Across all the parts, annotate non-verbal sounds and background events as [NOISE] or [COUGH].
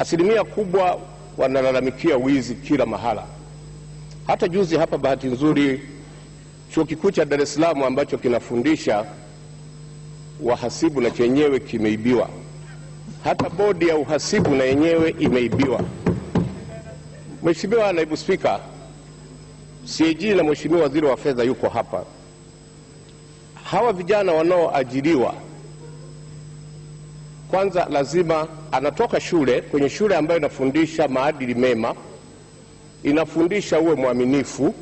Asilimia kubwa wanalalamikia wizi kila mahala. Hata juzi hapa, bahati nzuri, chuo kikuu cha Dar es Salaam ambacho kinafundisha wahasibu na chenyewe kimeibiwa. Hata bodi ya uhasibu na yenyewe imeibiwa. Mheshimiwa Naibu Spika, CAG na Mheshimiwa Waziri wa Fedha yuko hapa. Hawa vijana wanaoajiriwa kwanza lazima anatoka shule kwenye shule ambayo inafundisha maadili mema, inafundisha uwe mwaminifu,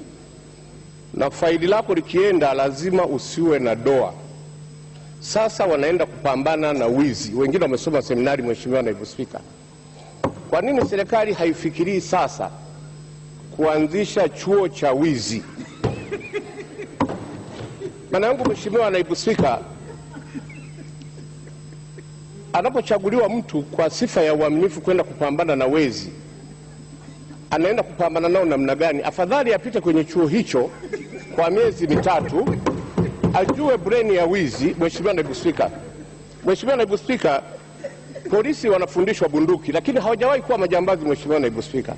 na faili lako likienda lazima usiwe na doa. Sasa wanaenda kupambana na wizi, wengine wamesoma seminari. Mheshimiwa Naibu Spika, kwa nini serikali haifikirii sasa kuanzisha chuo cha wizi? Maana yangu Mheshimiwa Naibu Spika anapochaguliwa mtu kwa sifa ya uaminifu kwenda kupambana na wezi, anaenda kupambana nao namna gani? Afadhali apite kwenye chuo hicho kwa miezi mitatu, ajue breni ya wizi. Mheshimiwa Naibu Spika, Mheshimiwa Naibu Spika, polisi wanafundishwa bunduki, lakini hawajawahi kuwa majambazi. Mheshimiwa Naibu Spika,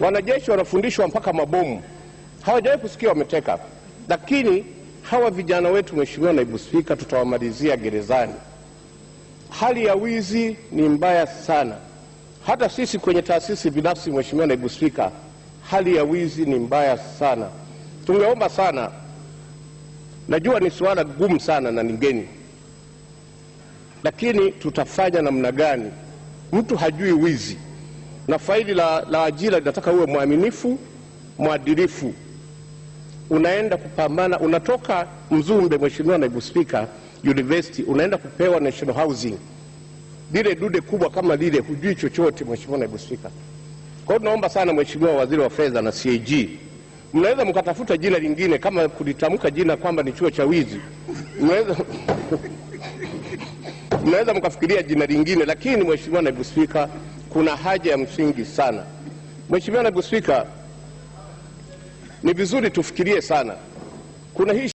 wanajeshi wanafundishwa mpaka mabomu, hawajawahi kusikia wameteka. Lakini hawa vijana wetu, Mheshimiwa Naibu Spika, tutawamalizia gerezani. Hali ya wizi ni mbaya sana, hata sisi kwenye taasisi binafsi. Mheshimiwa Naibu Spika, hali ya wizi ni mbaya sana. Tungeomba sana, najua ni suala gumu sana na ningeni, lakini tutafanya namna gani? Mtu hajui wizi, na faili la, la ajira linataka uwe mwaminifu, mwadilifu. Unaenda kupambana, unatoka Mzumbe, Mheshimiwa Naibu Spika university unaenda kupewa national housing, lile dude kubwa kama lile, hujui chochote, Mheshimiwa Naibu Spika. Kwa hiyo tunaomba sana Mheshimiwa Waziri wa Fedha na CAG, mnaweza mkatafuta jina lingine kama kulitamka jina kwamba ni chuo cha wizi, mnaweza [LAUGHS] mnaweza mkafikiria jina lingine, lakini Mheshimiwa Naibu Spika, kuna haja ya msingi sana. Mheshimiwa Naibu Spika, ni vizuri tufikirie sana. Kuna hii